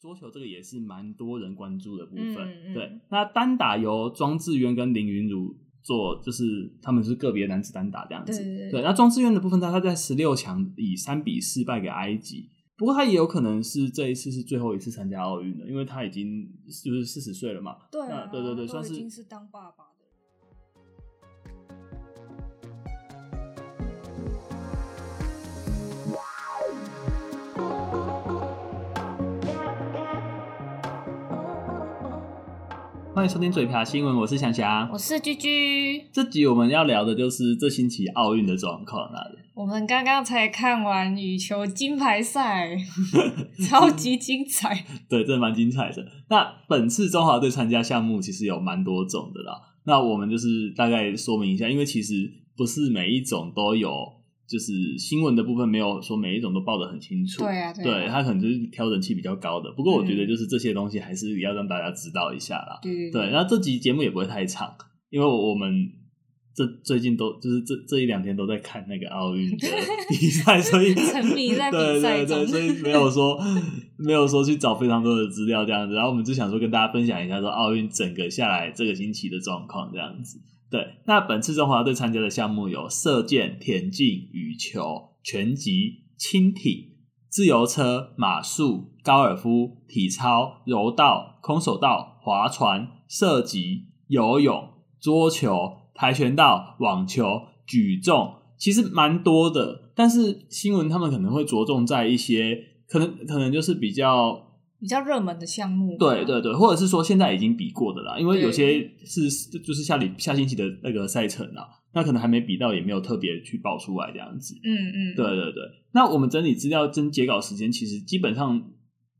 桌球這個也是蠻多人關注的部分，嗯嗯、對。那單打由莊智淵跟林昀儒做，就是他們是個別男子單打這樣子。對，對，對，對，那莊智淵的部分，他他在十六強以三比四敗給埃及，不過他也有可能是這一次是最後一次參加奧運的，因為他已經就是四十歲了嘛。對、啊、那對對對，算是，已經是當爸爸。歡迎收聽嘴瓢新聞，我是翔翔，我是居居。這集我們要聊的就是這星期奧運的狀況了啊。我們剛剛才看完羽球金牌賽， 超級精彩。 對，真的蠻精彩的。那本次中華隊參加項目其實有蠻多種的啦。那我們就是大概說明一下，因為其實不是每一種都有。就是新聞的部分沒有說每一種都報的很清楚，對啊,對啊，對他可能就是挑人氣比較高的。不過我覺得就是這些東西還是要讓大家知道一下啦。嗯、對，然後這集節目也不會太長，因為我,我們這最近都就是這這一兩天都在看那個奧運的比賽，所以 沉迷在比賽中對,對,對，所以沒有說沒有說去找非常多的資料這樣子。然後我們就想說跟大家分享一下說，說奧運整個下來這個星期的狀況這樣子。對，那本次中華隊參加的項目有射箭、田徑、羽球、拳擊、輕艇、自由車、馬術、高爾夫、體操、柔道、空手道、划船、射擊、游泳、桌球、跆拳道、網球、舉重，其實蠻多的。但是新聞他們可能會着重在一些，可能可能就是比較。比較熱門的項目，對對對，或者是說現在已經比過的啦，因為有些是對就是下禮下星期的那個賽程啊，那可能還沒比到，也沒有特別去報出來這樣子。嗯嗯，嗯對對對。那我們整理資料、跟截稿時間，其實基本上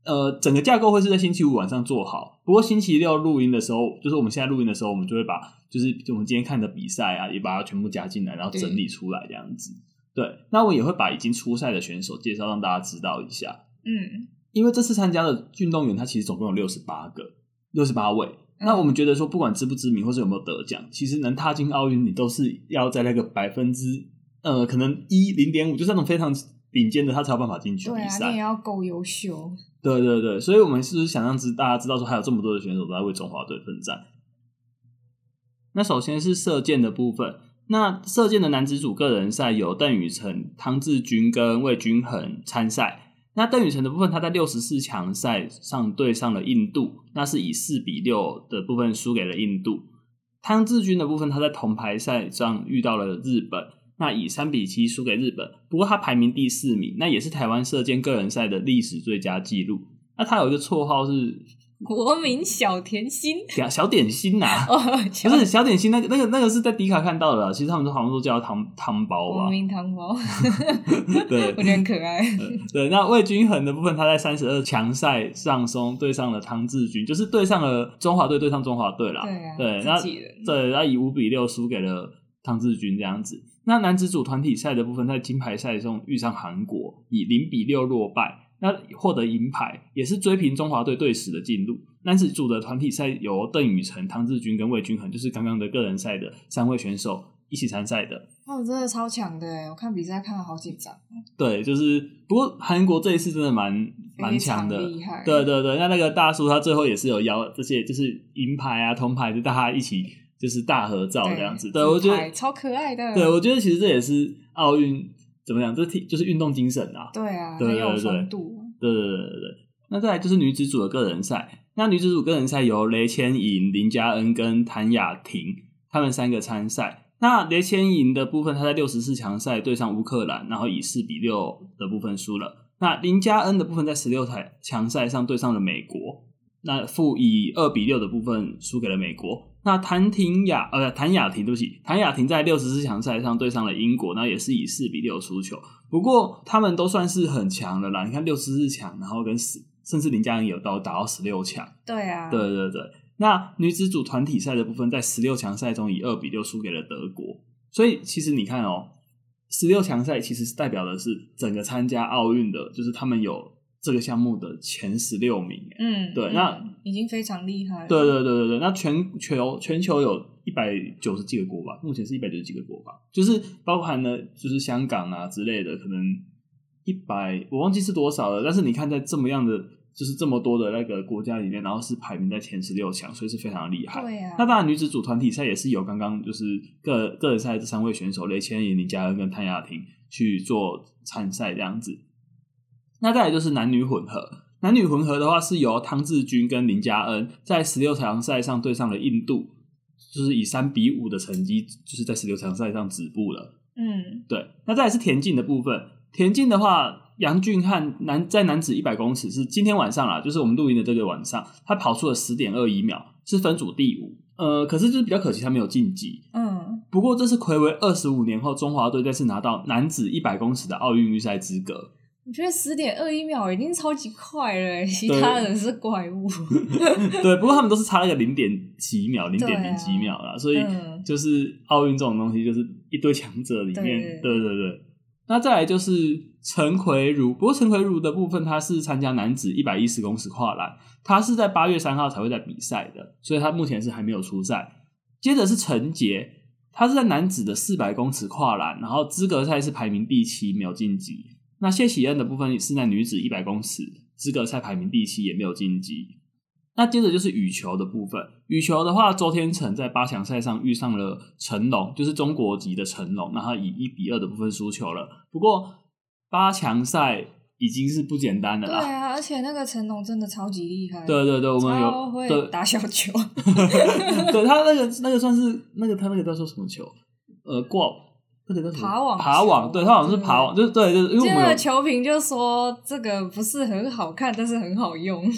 呃，整個架構會是在星期五晚上做好。不過星期六錄音的時候，就是我們現在錄音的時候，我們就會把就是我們今天看的比賽啊，也把它全部加進來，然後整理出來這樣子。對，對，那我也會把已經出賽的選手介紹讓大家知道一下。嗯。因為這次參加的運動員，他其實總共有六十八個，六十八位。嗯、那我們覺得說，不管知不知名，或者有沒有得獎，其實能踏進奧運，你都是要在那個百分之呃，可能一零點五，就是那種非常頂尖的，他才有辦法進去比賽。對、啊、那也要夠優秀。對對對，所以我們是不是想讓只大家知道說，還有這麼多的選手都在為中華隊奮戰？那首先是射箭的部分。那射箭的男子組個人賽有鄧宇成、湯智鈞跟魏均珩參賽。那鄧宇成的部分，他在六十四強賽上對上了印度，那是以四比六的部分輸給了印度。湯智鈞的部分，他在銅牌賽上遇到了日本，那以三比七輸給日本。不過他排名第四名，那也是台灣射箭個人賽的歷史最佳紀錄。那他有一個綽號是。國民小甜心，小點心吶、啊，不是、oh, 小點心，點心那個那個那個是在迪卡看到的啦。其實他們好像都叫湯湯包啊，國民湯包。 對，我覺得很可愛。對，那魏均珩的部分，他在三十二強賽上松對上了湯智鈞， 就是對上了中華隊對上中華隊啦。對啊。對，那對，那以五比六輸給了湯智鈞這樣子。那男子組團體賽的部分，在金牌賽中遇上韓國，以零比六落敗。那獲得銀牌也是追平中華隊隊史的進入，但是組的團體賽由鄧宇成、湯志軍跟魏均衡，就是剛剛的個人賽的三位選手一起參賽的。他們、哦、真的超強的，我看比賽看了好幾張。對，就是不過韓國這一次真的蠻蠻強的，厲對對對，那那個大叔他最後也是有邀這些，就是銀牌啊、銅牌，就大家一起就是大合照這樣子。對，對牌我覺得超可愛的。對，我覺得其實這也是奧運。怎麼講？這體，就是運動精神啊。對啊，很有風度。對對對對對。那再來就是女子組的個人賽，那女子組個人賽由雷千瑩、林佳恩跟譚雅婷他們三個參賽。那雷千瑩的部分，她在六十四強賽對上烏克蘭，然後以四比六的部分輸了。那林佳恩的部分，在十六強賽上對上了美國，那負以二比六的部分輸給了美國。那譚婷雅，呃譚雅婷，對不起，譚雅婷在六十四強賽上對上了英國，那也是以四比六輸球。不過他們都算是很強的啦。你看六十四強，然後跟十甚至林佳瑩有到打到十六強。對啊。對對對。那女子組團體賽的部分，在十六強賽中以二比六輸給了德國。所以其實你看哦，十六強賽其實是代表的是整個參加奧運的，就是他們有。這個項目的前十六名，嗯，對，嗯、那已經非常厲害了。對對對對對，那全球全球有一百九十幾個國吧，目前是一百九十幾個國吧，就是包含了就是香港啊之類的，可能一百我忘記是多少了。但是你看，在這麼樣的就是這麼多的那個國家裡面，然後是排名在前十六強，所以是非常厲害。對呀，啊。那當然，女子組團體賽也是有剛剛就是個個人賽這三位選手雷千瑩、林佳恩跟譚雅婷去做參賽這樣子。那再來就是男女混合，男女混合的話是由湯智鈞跟林佳恩在十六強賽上對上了印度，就是以三比五的成績，就是在十六強賽上止步了。嗯，對。那再來是田徑的部分，田徑的話，楊俊瀚男在男子一百公尺是今天晚上啦，就是我們錄音的這個晚上，他跑出了十點二一秒，是分組第五。呃，可是就是比較可惜，他沒有晉級。嗯，不過這是睽違二十五年後，中華隊再次拿到男子一百公尺的奧運預賽資格。我覺得十點二一秒已經超級快了，欸，其他人是怪物？對， 對，不過他們都是差了個零點幾秒，零點零幾秒啦。啊，所以就是奧運這種東西，就是一堆強者裡面，對對對，對對對。那再來就是陳奎儒，不過陳奎儒的部分，他是參加男子一百一十公尺跨欄，他是在八月三號才會在比賽的，所以他目前是還沒有出賽。接着是陳杰，他是在男子的四百公尺跨欄，然後資格賽是排名第七，沒有晉級。那謝喜恩的部分是在女子一百公尺資格賽排名第七，也沒有晉級。那接着就是羽球的部分，羽球的話，周天成在八強賽上遇上了成龍，就是中國籍的成龍，那他以一比二的部分輸球了。不過八強賽已經是不簡單的啦。對啊，而且那個成龍真的超級厲害，對對對，我們有打小球， 對，他那個那個算是那個，他那個叫做什麼球？呃，過。爬網爬網往，對他好像是爬網，就是對，對，對，就是。接着球評就說這個不是很好看，但是很好用。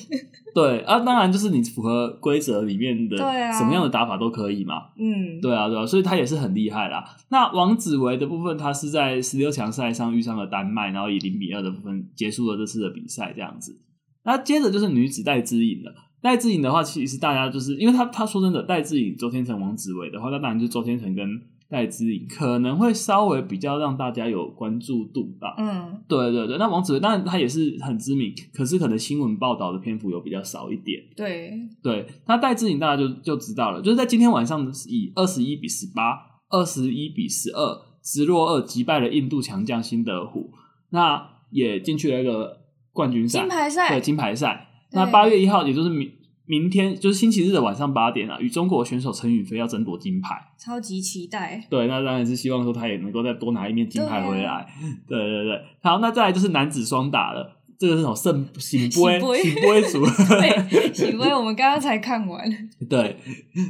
對啊，當然就是你符合規則裡面的，對，什麼樣的打法都可以嘛。嗯，對啊，對啊，對啊，所以他也是很厲害啦。嗯、那王子維的部分，他是在十六強賽上遇上了丹麥，然後以零比二的部分結束了這次的比賽，這樣子。那接着就是女子戴資穎了。戴資穎的話，其實大家就是因為他他說真的戴資穎，周天成、王子維的話，那當然就是周天成跟。戴資穎可能會稍微比較讓大家有關注度吧。嗯，對對對，那王子維那他也是很知名，可是可能新聞報道的篇幅有比較少一點。對，對，那戴資穎大家就就知道了，就是在今天晚上以二十一比十八、二十一比十二直落二擊敗了印度強將辛德胡，那也進去了一個冠軍賽、金牌賽，對金牌賽。那八月一號也就是明。明天就是星期日的晚上八點啊，與中國選手陳雨菲要爭奪金牌，超級期待。對，那當然是希望說他也能夠再多拿一面金牌回來。對，啊、對對對，好，那再來就是男子雙打了，這個是什麼？聖筊、聖筊組，聖筊組。對，聖筊，我們剛剛才看完。對，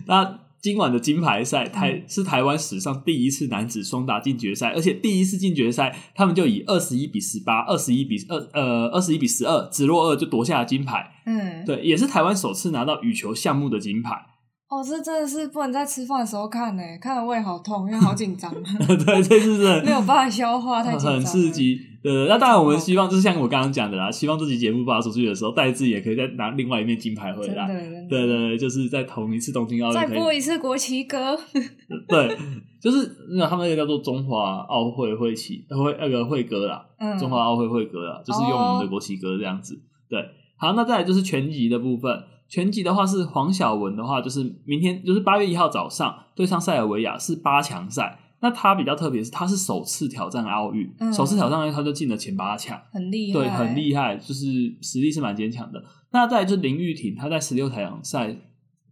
那。今晚的金牌賽，嗯、台是台灣史上第一次男子雙打進決賽，而且第一次進決賽，他們就以二十一比十八、二十一比二，呃，二十一比十二，直落二就奪下了金牌。嗯，對，也是台灣首次拿到羽球項目的金牌。哦，這真的是不能在吃飯的時候看誒，看了胃好痛，因為好緊張。 對，這是 沒有辦法消化，太緊張。很刺激。對，對那當然我們希望就是像我剛剛講的啦，希望這集節目發出去的時候，戴資穎也可以再拿另外一面金牌回來。對對對，就是在同一次東京奧運再播一次國旗歌。對， 就是那他們那個叫做中華奧會會旗呃會那個會、會歌啦，嗯、中華奧會會歌啦，就是用我們的國旗歌這樣子。哦、對，好，那再來就是拳擊的部分，拳擊的話是黃筱雯的話，就是明天就是八月一號早上對上塞爾維亞是八強賽。那他比較特別，是他是首次挑戰奧運，嗯、首次挑戰奧運他就進了前八強，很厲害，對，很厲害，就是實力是蠻堅強的。那再就是林郁婷，她在十六強賽，對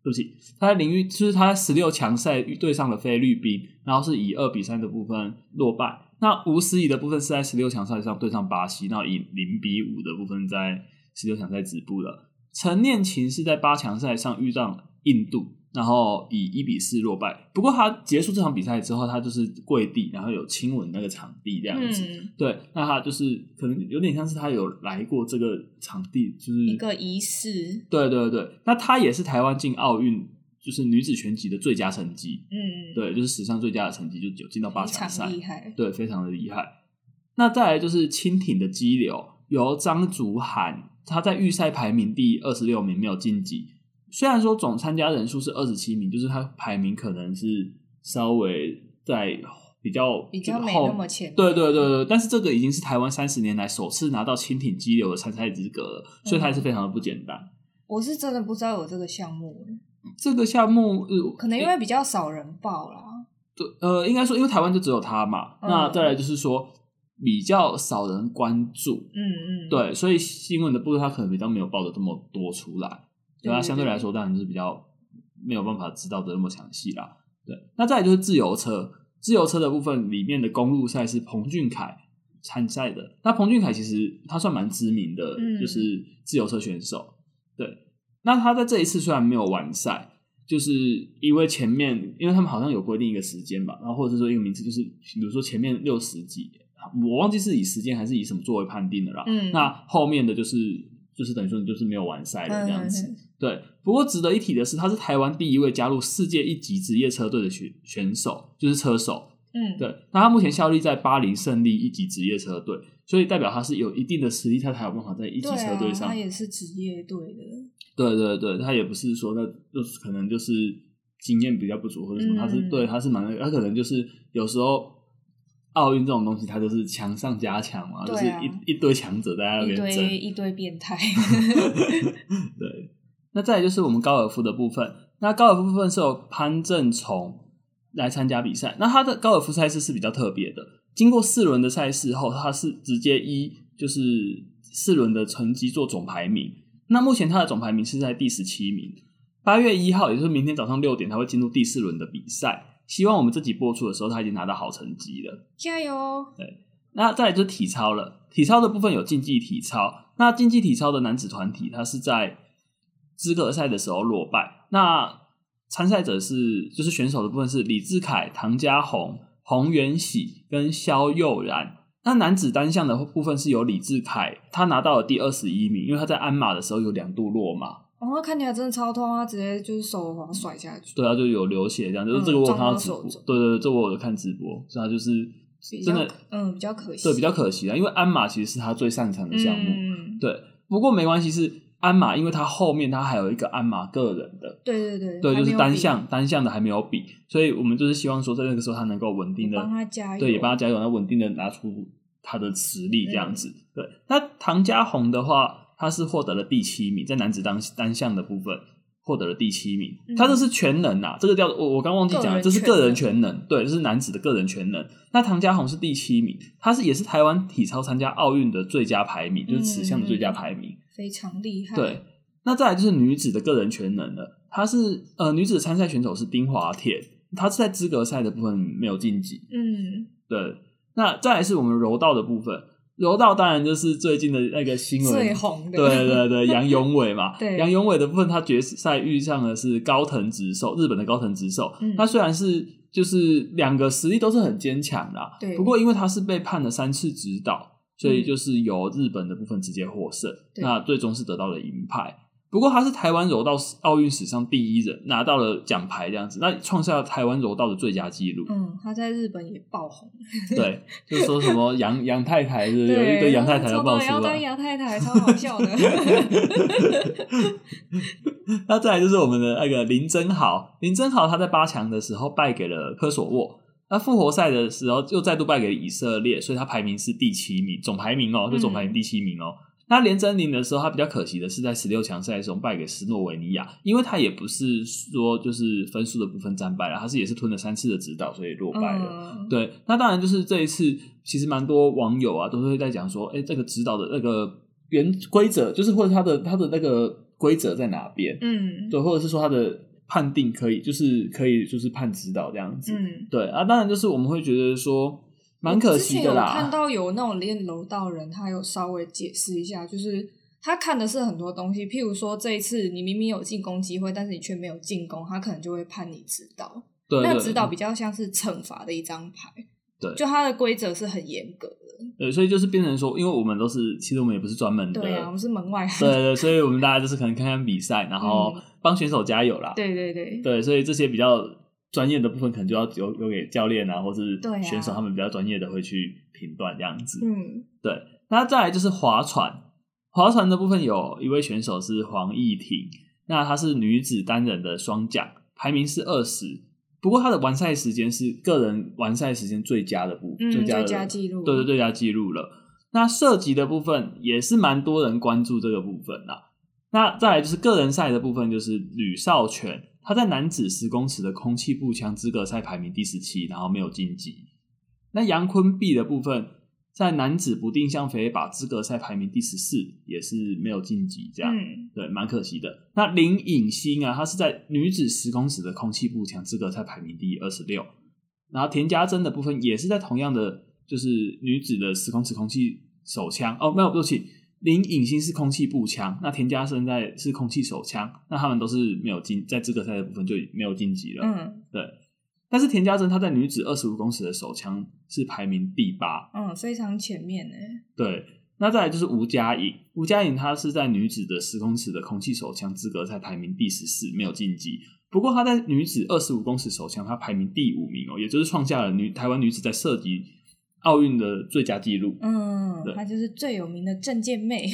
不起，她在林郁，就是她在十六強賽遇對上了菲律賓，然後是以二比三的部分落敗。那吳詩儀的部分是在十六強賽上對上巴西，然後以零比五的部分在十六強賽止步了。陳念琴是在八強賽上遇上印度，然後以一比四落敗。不過他結束這場比賽之後，他就是跪地，然後有親吻那個場地這樣子。嗯、對，那他就是可能有點像是他有來過這個場地，就是一個儀式。對對對，那他也是台灣進奧運就是女子拳擊的最佳成績。嗯對，就是史上最佳的成績，就是有進到八強賽，非常厲害，對，非常的厲害。嗯、那再來就是輕艇的激流，由張築涵，他在預賽排名第二十六名，沒有晉級。雖然說總參加人數是二十七名，就是他排名可能是稍微在比較比較沒那麼前，對對對對，但是這個已經是台灣三十年來首次拿到輕艇激流的參賽資格了，嗯、哼所以他還是非常的不簡單。我是真的不知道有這個項目。這個項目，呃、可能因為比較少人報了、啊，對呃，應該說因為台灣就只有他嘛，嗯、哼那再來就是說比較少人關注，嗯嗯，對，所以新聞的部分他可能比較沒有報的這麼多出來。對啊，對對對，相對來說當然就是比較沒有辦法知道的那麼詳細啦。對，那再來就是自由車，自由車的部分裡面的公路賽是彭俊凱參賽的。那彭俊凱其實他算蠻知名的，嗯、就是自由車選手。對，那他在這一次雖然沒有完賽，就是因為前面因為他們好像有規定一個時間嘛，然後或者說一個名次，就是比如說前面六十幾，我忘記是以時間還是以什麼作為判定的啦。嗯，那後面的就是。就是等於說你就是沒有完賽的這樣子，嗯嗯嗯、對。不過值得一提的是，他是台灣第一位加入世界一級職業車隊的選選手，就是車手。嗯，對。那他目前效力在巴黎勝利一級職業車隊，所以代表他是有一定的實力，他才有辦法在一級車隊上。他也是職業隊的。嗯、對對對，他也不是說那就是可能就是經驗比較不足或者什麼，就是、他是對，他是蠻他可能就是有時候。奧運這種東西，它就是強上加強嘛，啊、就是一一堆強者在那邊爭一，一堆一堆變態。 對，那再來就是我們高爾夫的部分。那高爾夫部分是由潘政琮來參加比賽。那他的高爾夫賽事是比較特別的，經過四輪的賽事後，他是直接一就是四輪的成績做總排名。那目前他的總排名是在第十七名。八月一號，也就是明天早上六點，他會進入第四輪的比賽。希望我們這集播出的時候，他已經拿到好成績了。加油哦！對，那再來就是體操了。體操的部分有競技體操，那競技體操的男子團體，他是在資格賽的時候落敗。那參賽者是就是選手的部分是李智凱、唐嘉鴻、洪元喜跟蕭佑然。那男子單項的部分是由李智凱，他拿到了第二十一名，因為他在鞍馬的時候有兩度落馬。然後、哦、看起來真的超痛啊！直接就是手好像甩下去，對啊，就有流血這樣。嗯、就是這個我看到直播，嗯、對，對對，這我、個、我看直播，所以他就是真的，嗯，比較可惜。對，比較可惜啊，因為鞍馬其實是他最擅長的項目。嗯。對，不過沒關係，是鞍馬，因為他後面他還有一個鞍馬個人的。對對對，對，就是單項單項的還沒有比，所以我們就是希望說在那個時候他能夠穩定的幫他加油，對，也幫他加油，能穩定的拿出他的實力這樣子。嗯、對，那唐嘉鴻的話。他是獲得了第七名，在男子單單項的部分獲得了第七名。嗯、他這是全能啊，這個叫我我剛忘記講了，就是個人全能，對，這、就是男子的個人全能。那唐嘉鴻是第七名，他是也是台灣體操參加奧運的最佳排名，嗯、就是此項的最佳排名，嗯、非常厲害。對，那再來就是女子的個人全能了，她是呃女子參賽選手是丁華鐵，她是在資格賽的部分沒有晉級。嗯，對。那再來是我們柔道的部分。柔道當然就是最近的那個新聞，最紅的。對，對對對，楊勇緯嘛，楊 對勇緯的部分，他決賽遇上的是高藤直壽，日本的高藤直壽。嗯，他雖然是就是兩個實力都是很堅強的，對。不過，因為他是被判了三次指導，所以就是由日本的部分直接獲勝，嗯、那最終是得到了銀牌。不過他是台灣柔道奧運史上第一人，拿到了獎牌這樣子，那創下台灣柔道的最佳紀錄。嗯，他在日本也爆紅。 對，就是說什麼楊楊太太是有一對楊對、嗯、太太要爆出來。楊太太超好笑的。那再來就是我們的那個林珍豪，林珍豪他在八強的時候敗給了科索沃，那復活賽的時候又再度敗給了以色列，所以他排名是第七名，總排名哦、喔、是總排名第七名哦、喔。嗯那連珍羚的時候，他比較可惜的是在十六強賽中敗給斯洛維尼亞，因為他也不是說就是分數的部分戰敗了，他是也是吞了三次的指導，所以落敗了。嗯、對，那當然就是這一次，其實蠻多網友啊都是在講說，哎、欸，這個指導的那個原規則就是或者他的他的那個規則在哪邊？嗯，對，或者是說他的判定可以就是可以就是判指導這樣子？嗯、對啊，當然就是我們會覺得說。蠻可惜的啦。我看到有那種練柔道人，他有稍微解釋一下，就是他看的是很多東西，譬如說這一次你明明有進攻機會，但是你卻沒有進攻，他可能就會判你指導。對，對，對，那指導比較像是懲罰的一張牌。對，就他的規則是很嚴格的。對，所以就是變成說，因為我們都是，其實我們也不是專門的，對啊，我們是門外漢。對，對對， 所以我們大家就是可能看看比賽，然後幫選手加油啦。對，對對對，對，所以這些比較。專業的部分可能就要留留給教練啊，或是對選手他們比較專業的會去評斷這樣子。啊、嗯，對。那再來就是划船，划船的部分有一位選手是黃義婷，那她是女子單人的雙槳，排名是二十，不過她的完賽時間是個人完賽時間最佳的部分，嗯、最佳記錄，紀錄對對,對，最佳記錄了。那射擊的部分也是蠻多人關注這個部分的、啊。那再來就是個人賽的部分，就是呂紹全他在男子十公尺的空氣步槍資格賽排名第十七，然後沒有晉級。那楊昆弼的部分在男子不定向飛靶資格賽排名第十四，也是沒有晉級。這樣，對，蠻可惜的。那林穎欣啊，她是在女子十公尺的空氣步槍資格賽排名第二十六，然後田家珍的部分也是在同樣的，就是女子的十公尺空氣手槍哦，沒有，對不起。林穎欣是空氣步槍，那田家森在是空氣手槍，那他們都是沒有晉在資格賽的部分就沒有晉級了。嗯，對。但是田家森他在女子二十五公尺的手槍是排名第八，嗯，非常前面哎。對，那再來就是吳佳穎。吳佳穎她是在女子的十公尺的空氣手槍資格賽排名第十四，沒有晉級。不過她在女子二十五公尺手槍她排名第五名哦，也就是創下了女台灣女子在射擊。奧運的最佳記錄，嗯，她就是最有名的政見妹，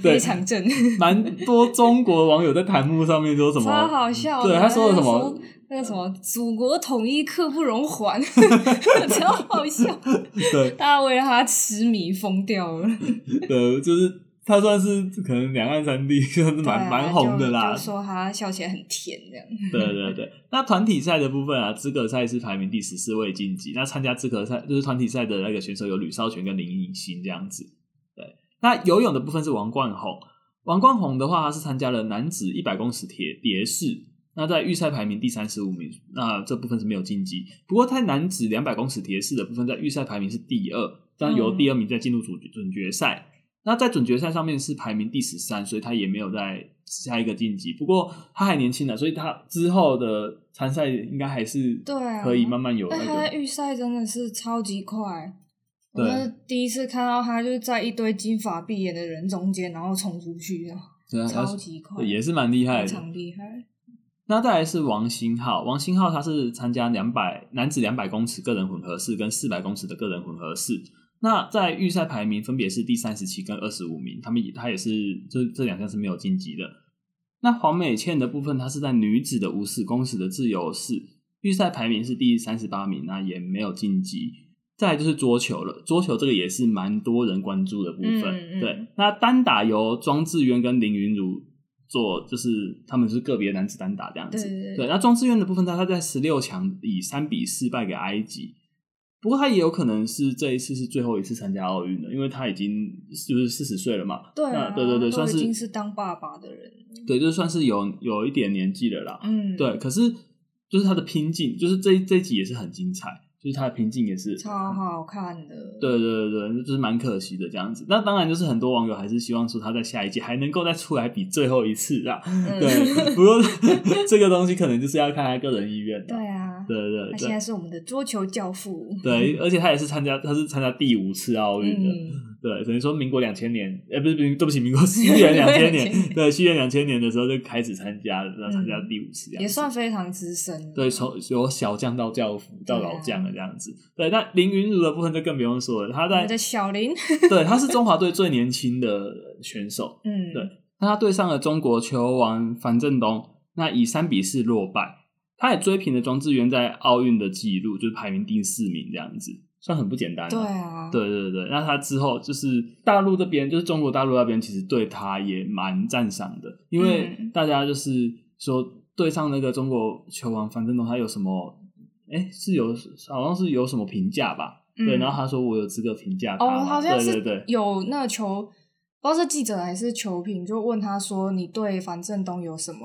非常正，蠻多中國網友在彈幕上面說什麼，超好笑，對，他說了什麼那個什麼祖國統一刻不容緩，超好笑，對，大家為了他痴迷瘋掉了，對，就是。他算是可能兩岸三地但是、啊、就是蠻蠻紅的啦，就說他笑起來很甜這樣。 對對對，那團體賽的部分啊，資格賽是排名第十四位晉級。那參加資格賽就是團體賽的那個選手有呂紹全跟林穎欣這樣子。對，那游泳的部分是王冠宏。王冠宏的話，他是參加了男子一百公尺鐵蝶式，那在預賽排名第三十五名，那這部分是沒有晉級。不過他男子兩百公尺蝶式的部分，在預賽排名是第二，嗯、但由第二名再進入準、就是、決賽。那在準決賽上面是排名第十三，所以他也沒有在下一個晉級。不過他還年輕了，所以他之後的參賽應該還是對可以慢慢有、那個。那、啊、他的預賽真的是超級快，對我第一次看到他就是在一堆金髮碧眼的人中間，然後衝出去的，對超級快，也是蠻厲害，害，的。非常厲害。那再來是王星浩，王星浩他是參加兩百男子兩百公尺個人混合式跟四百公尺的個人混合式。那在預賽排名分別是第三十七跟二十五名，他們也他也是這這兩項是沒有晉級的。那黃美倩的部分，她是在女子的五十公尺的自由式預賽排名是第三十八名，那也沒有晉級。再來就是桌球了，桌球這個也是蠻多人關注的部分。嗯嗯、對，那單打由莊智淵跟林昀儒做，就是他們是個別男子單打這樣子。對，對，那莊智淵的部分，他他在十六強以三比四敗給埃及。不過他也有可能是這一次是最後一次參加奧運的，因為他已經就是四十歲了嘛。對啊，那對對對，算是已經是當爸爸的人，對，就是算是有有一點年紀了啦。嗯，對。可是就是他的拼勁，就是這這一集也是很精彩。就是他的瓶頸也是超好看的，嗯、對對對，就是蠻可惜的這樣子。那當然就是很多網友還是希望說他在下一屆還能夠再出來比最後一次啦。嗯、對，不過 這個東西可能就是要看他個人意願的。對啊，對對對，他現在是我們的桌球教父。對，而且他也是參加，他是參加第五次奧運的。嗯對，等於說民國兩千年，哎，不是，不是，對不起，民國西元兩千年，對，西元兩千年的時候就開始參加了，然後參加了第五次，也算非常資深。對，從由小將到教父，到老將的這樣子。對，啊、對，那林昀儒的部分就更不用說了，他在小林， 對，他是中華隊最年輕的選手，嗯，對。那他對上了中國球王樊振東，那以三比四落敗，他也追平了莊智淵在奧運的記錄，就是排名第四名這樣子。算很不簡單，對啊，對對對。那他之後就是大陸這邊，就是中國大陸那邊，其實對他也蠻讚賞的，因為大家就是說對上那個中國球王樊振東，他有什麼，哎，是有好像是有什麼評價吧？嗯、對，然後他說我有資格評價他，哦、好像是。對，有那個球，不知道是記者還是球評，就問他說你對樊振東有什麼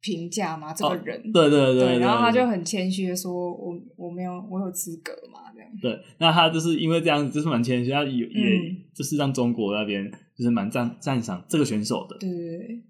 評價嗎？這個人，哦、對，對，對，對，對對對，對，然後他就很謙虛的說我，我我沒有，我有資格嗎？對，那他就是因為這樣子，就是蠻謙虛，他也、嗯、就是讓中國那邊就是蠻讚讚賞這個選手的。對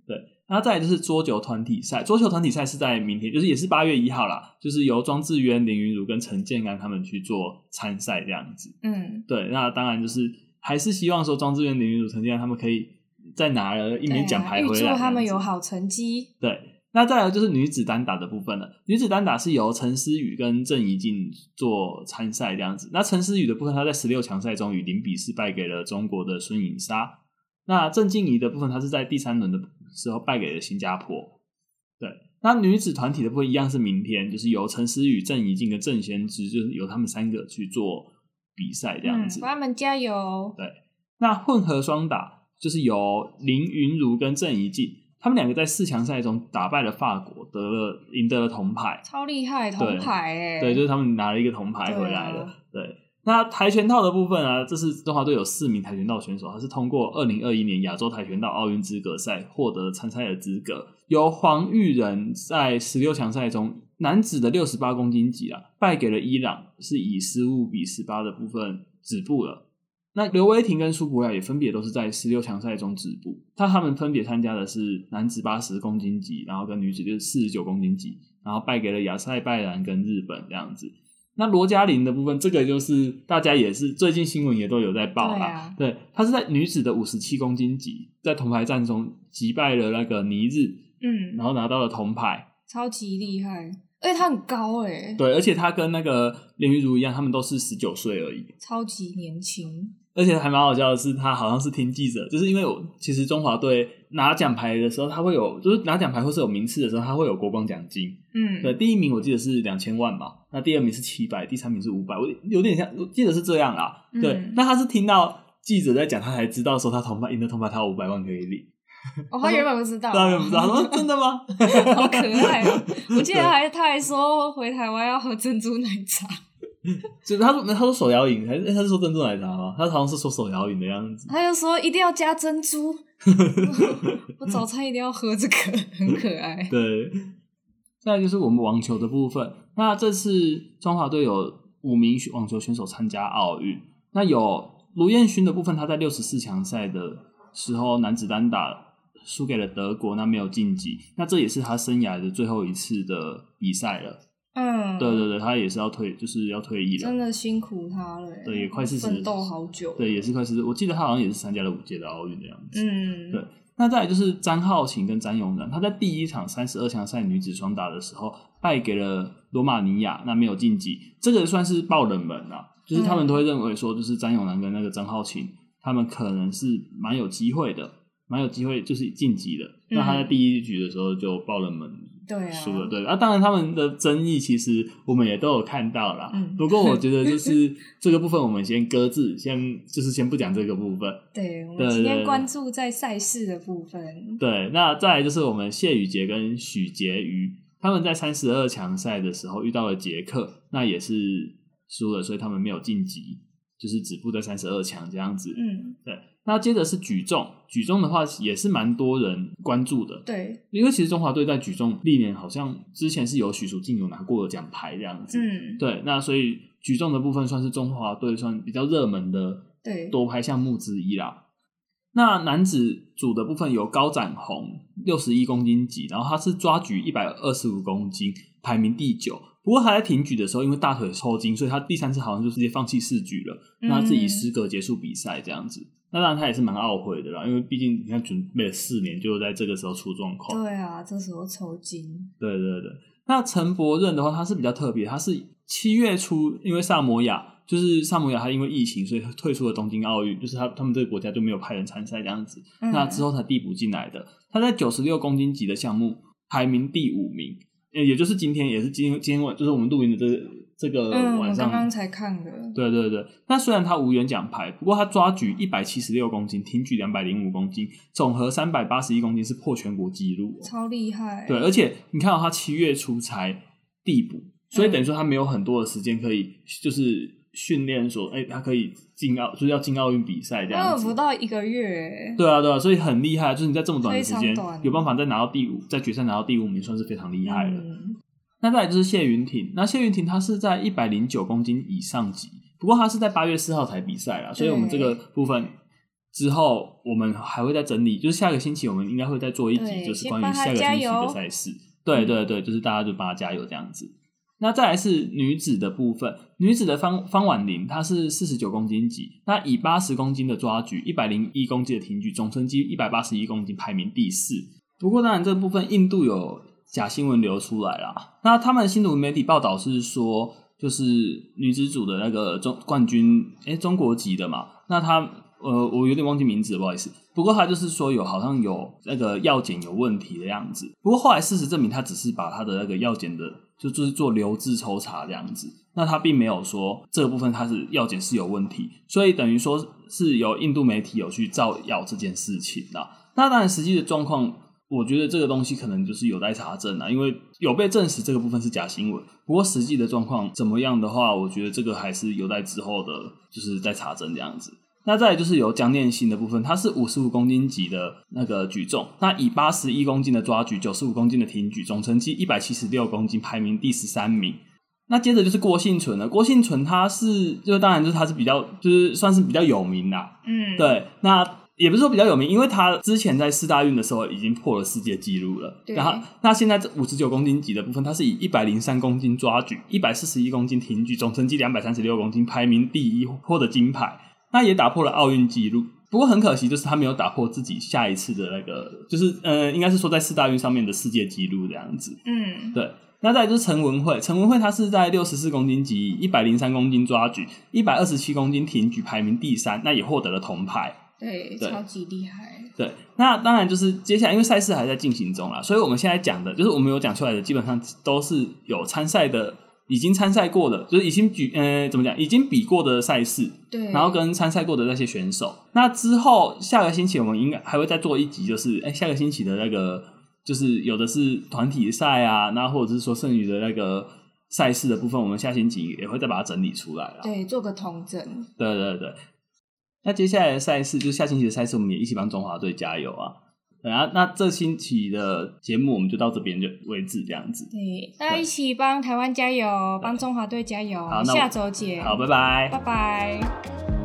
對，那再來就是桌球團體賽，桌球團體賽是在明天，就是也是八月一號啦，就是由莊智淵、林昀儒跟陳建安他們去做參賽這樣子。嗯，對，那當然就是還是希望說莊智淵、林昀儒、陳建安他們可以再拿了一枚獎牌回來。預祝、啊、他們有好成績。對。那再來就是女子單打的部分了。女子單打是由陳思羽跟鄭怡靜做參賽這樣子。那陳思羽的部分，她在十六強賽中以零比四敗給了中國的孫穎莎。那鄭靜怡的部分，她是在第三輪的時候敗給了新加坡。對，那女子團體的部分一樣是明天，就是由陳思羽、鄭怡靜跟鄭先知，就是由他們三個去做比賽這樣子。他們加油。對，那混合雙打就是由林昀儒跟鄭怡靜。他們兩個在四強賽中打敗了法國，得了贏得了銅牌，超厲害，銅牌哎！對，就是他們拿了一個銅牌回來了。對，來了對，那跆拳道的部分啊，這次中華隊有四名跆拳道選手，他是通過二零二一年亞洲跆拳道奧運資格賽獲得參賽的資格。由黃玉仁在十六強賽中，男子的六十八公斤級啊，敗給了伊朗，是以十五比十八的部分止步了。那劉威廷跟蘇柏亞也分別都是在十六強賽中止步，他他們分別參加的是男子八十公斤級，然後跟女子就是四十九公斤級，然後敗給了亞塞拜然跟日本這樣子。那羅嘉翎的部分，這個就是大家也是最近新聞也都有在報了，對，啊、對，她是在女子的五十七公斤級，在銅牌戰中擊敗了那個尼日，嗯，然後拿到了銅牌，超級厲害。誒、欸、他很高哎、欸。對，而且他跟那個林昀儒一樣，他們都是十九歲而已，超級年輕。而且還蠻好笑的是，他好像是聽記者，就是因為我其實中華隊拿獎牌的時候，他會有，就是拿獎牌或是有名次的時候，他會有國光獎金。嗯，對，第一名我記得是兩千萬嘛，那第二名是七百，第三名是五百，我有點像，我記得是這樣啦。嗯、對，那他是聽到記者在講，他才知道說他銅牌，贏得銅牌他有五百萬可以領。我還、哦，原、啊、原本不知道，真的嗎？ 好可愛、喔！我記得還對他還說回台灣要喝珍珠奶茶。 就他說他說手搖飲，還、欸、他是說珍珠奶茶嗎？他好像是說手搖飲的樣子。他就說一定要加珍珠。 我早餐一定要喝這個，很可愛。對。再來就是我們網球的部分，那這次中華隊有五名網球選手參加奧運。那有盧彥勳的部分，他在六十四強賽的時候男子單打，輸給了德國，那沒有晉級，那這也是他生涯的最後一次的比賽了。嗯，對對對，他也是要退，就是要退役了。真的辛苦他了，對，也快四十，奮鬥好久。對，也是快四十，我記得他好像也是參加了五屆的奧運的樣子。嗯，對。那再來就是張浩晴跟張永南，他在第一場三十二強賽女子雙打的時候敗給了羅馬尼亞，那沒有晉級，這個算是爆冷門了啊。就是他們都會認為說，就是張永南跟那個張浩晴，他們可能是蠻有機會的。蠻有機會，就是晉級的。嗯、那他在第一局的時候就爆了冷門，輸了。對啊，對啊，當然他們的爭議其實我們也都有看到啦。嗯、不過我覺得就是這個部分，我們先擱置， 先就是先不講這個部分。對，對對對，我們今天關注在賽事的部分。對，那再來就是我們謝宇杰跟許杰瑜他們在三十二強賽的時候遇到了捷克，那也是輸了，所以他們沒有晉級。就是止步在三十二強這樣子，嗯，對。那接着是舉重，舉重的話也是蠻多人關注的，對。因為其實中華隊在舉重歷年好像之前是有許淑淨有拿過的獎牌這樣子，嗯，對。那所以舉重的部分算是中華隊算比較熱門的對奪牌項目之一啦。對那男子組的部分有高展宏六十一公斤級，然後他是抓舉一百二十五公斤，排名第九。不過他還在挺舉的時候，因為大腿抽筋，所以他第三次好像就直接放棄試舉了，那他自己失格結束比賽這樣子。嗯、那當然他也是蠻懊悔的啦，因為畢竟你看準備了四年，就在這個時候出狀況。對啊，這時候抽筋。對對對，那陳柏任的話，他是比較特別，他是七月初，因為薩摩亞就是薩摩亞，他因為疫情，所以他退出了東京奧運，就是他他們這個國家就沒有派人參賽這樣子。嗯、那之後才遞補進來的，他在九十六公斤級的項目排名第五名。也就是今天，也是今天今天晚，就是我們錄音的這這個晚上，剛剛、嗯、才看的。對對對，那雖然他無緣獎牌，不過他抓舉一百七十六公斤，挺舉兩百零五公斤，總和三百八十一公斤是破全國紀錄，超厲害、欸。對，而且你看到他七月初才遞補，所以等於說他沒有很多的時間可以，就是。嗯訓練說，哎、欸，他可以進奧，就是要進奧運比賽這樣子。有不到一個月。對啊，對啊，所以很厲害，就是你在這麼短的時間有辦法再拿到第五，在決賽拿到第五名，算是非常厲害了。嗯、那再來就是謝雲婷，那謝雲婷她是在一百零九公斤以上級，不過她是在八月四號才比賽啦，所以我們這個部分之後我們還會再整理，就是下個星期我們應該會再做一集，對就是關於下個星期的賽事。對對對，就是大家就幫她加油這樣子。那再來是女子的部分，女子的方方莞靈，她是四十九公斤級，她以八十公斤的抓舉，一百零一公斤的挺舉，總成績一百八十一公斤排名第四。不過當然這部分印度有假新聞流出來啦。那他們新聞媒體報道是說，就是女子組的那個中冠軍、欸，中國籍的嘛，那她。呃，我有點忘記名字，不好意思。不過他就是說有好像有那個藥檢有問題的樣子。不過後來事實證明，他只是把他的那個藥檢的就就是做留置抽查這樣子。那他並沒有說這個部分他是藥檢是有問題，所以等於說是有印度媒體有去造謠這件事情啊。那當然，實際的狀況，我覺得這個東西可能就是有待查證了啊，因為有被證實這個部分是假新聞。不過實際的狀況怎麼樣的話，我覺得這個還是有待之後的，就是在查證這樣子。那再來就是由江念欣的部分，他是五十五公斤級的那個舉重，那以八十一公斤的抓舉，九十五公斤的挺舉，總成績一百七十六公斤，排名第十三名。那接着就是郭婞淳了，郭婞淳他是就當然就是他是比較就是算是比較有名的，嗯，對。那也不是說比較有名，因為他之前在世大運的時候已經破了世界紀錄了。對那。那現在這五十九公斤級的部分，他是以一百零三公斤抓舉，一百四十一公斤挺舉，總成績兩百三十六公斤，排名第一獲得金牌。那也打破了奧運紀錄，不過很可惜，就是他沒有打破自己下一次的那個，就是呃，應該是說在四大運上面的世界紀錄這樣子。嗯，對。那再來就是陳文慧，陳文慧她是在六十四公斤級，一百零三公斤抓舉，一百二十七公斤挺舉，排名第三，那也獲得了銅牌。嗯、對，超級厲害。對，那當然就是接下來，因為賽事還在進行中啦。所以我們現在講的就是我們有講出來的，基本上都是有參賽的。已經參賽過的，就是已經舉，呃，怎麼講，已經比過的賽事，對，然後跟參賽過的那些選手，那之後下個星期我們應該還會再做一集，就是，哎，下個星期的那個，就是有的是團體賽啊，那或者是說剩餘的那個賽事的部分，我們下星期也會再把它整理出來了啊，對，做個統整，對對對，那接下來的賽事，就下星期的賽事，我們也一起幫中華隊加油啊。嗯，那這星期的節目我們就到這邊就為止，這樣子。對，大家一起幫台灣加油，幫對中華隊加油。好，下周見。好，拜拜。拜拜。